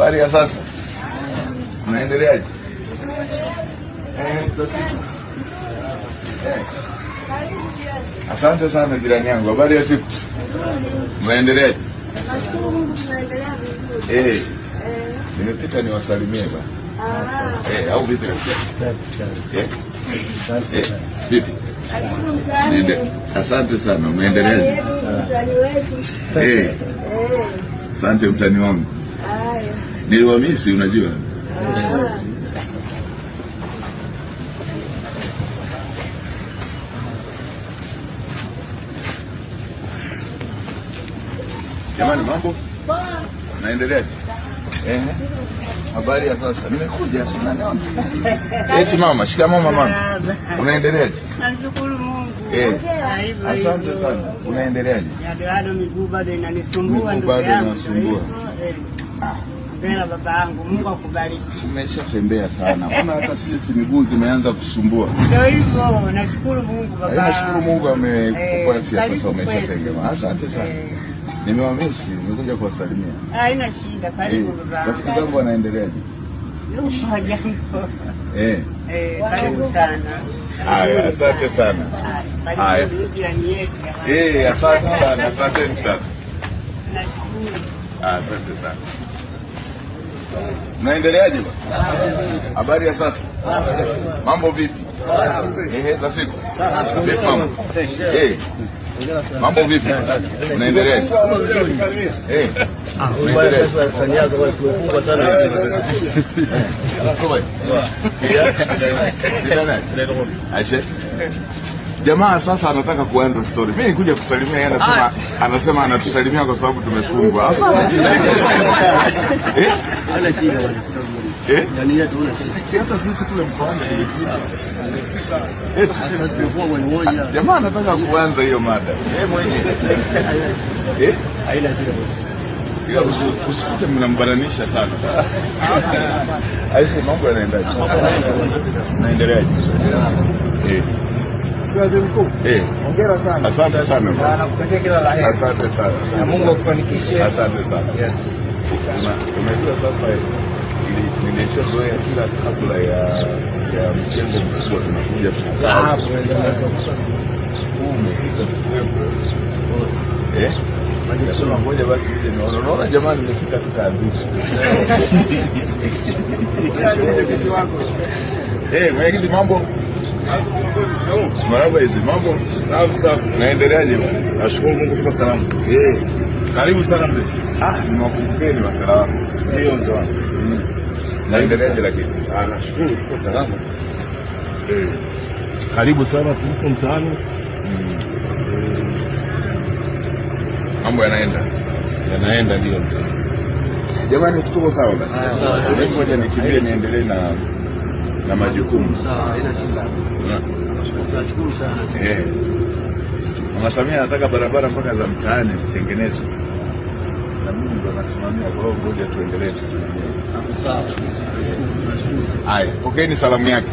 Habari ya sasa, unaendeleaje? Eh, eh. Asante sana jirani yangu, habari ya siku, unaendeleaje? Eh. eh, nimepita niwasalimie bwana, ah. eh, au vipi? Eh. Vipi? Asante sana, umeendelea. Asante mtani wangu niliwamisi, unajua Jamani, mambo naendelea. Eh, habari ya sasa, nimekuja eti mama. Shikamoo mama, mama unaendeleaje? Nashukuru Mungu. Eh. asante sana. Unaendeleaje? Miguu bado inanisumbua. miguu bado eh. Ah baba babangu, Mungu akubariki. Umeshatembea sana, mbona hata sisi miguu kimeanza kusumbua? Ndio hivyo, nashukuru Mungu baba. Yaani nashukuru Mungu amekupa eh, afya sasa, umeshatengema. Asante sana. Eh. Nimewamisi, nimekuja kuwasalimia. Haina shida, karibu eh, baba. Rafiki zangu wanaendeleaje? Eh. Eh, karibu sana. Haya, asante sana. Haya. Eh, asante sana, asante sana. Asante sana. Mnaendeleaje? Habari ya sasa, mambo vipi? za siku mambo? vipi? Mnaendelea? Jamaa sasa anataka kuanza story. Mimi nikuja kusalimia yeye anasema ah. anasema anatusalimia kwa sababu tumefungwa. Eh? Ana shida bwana. Eh? Yaani yeye eh? sisi kule mkoani eh, ah, Jamaa anataka kuanza hiyo mada. Yeye mwenyewe. Eh? Usikute mnambananisha sana. Aise, mambo yanaendaje? Naendeleaje? Eh. Waziri Mkuu, eh. hongera sana. Asante sana. Na nakutakia kila la heri. Asante sana. Na Mungu akufanikishe. Asante sana. Yes. Unajua sasa nimeisha zoea kila kabla ya mchengo mkubwa tunakuja kukaa. Ah, Huu sikuwepo. Eh? Ngoja basi nije nione. Unaona jamani, nimefika tukaanzisha. Eh, mwenyekiti mambo Maraba hizi mambo safi safi, naendeleaje Nashukuru Mungu Eh. Karibu sana mzee. Ah, Ndio mzee wangu. Mm. Naendeleaje lakini? Ah, nashukuru tuko Eh. Karibu sana tuko mtaani. Mm. Mambo yanaenda. Yanaenda ndio mzee. Jamani, situko sawa basi. Ah, Ngoja nikimbie niendelee na na majukumu. Eh. Mama Samia anataka barabara mpaka za mtaani zitengenezwe, na mimi ndo nasimamia. Kwa hiyo ngoja tuendelee tusimamie. Haya, pokeeni salamu yake.